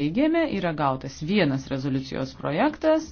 Teigiame, yra gautas vienas rezoliucijos projektas.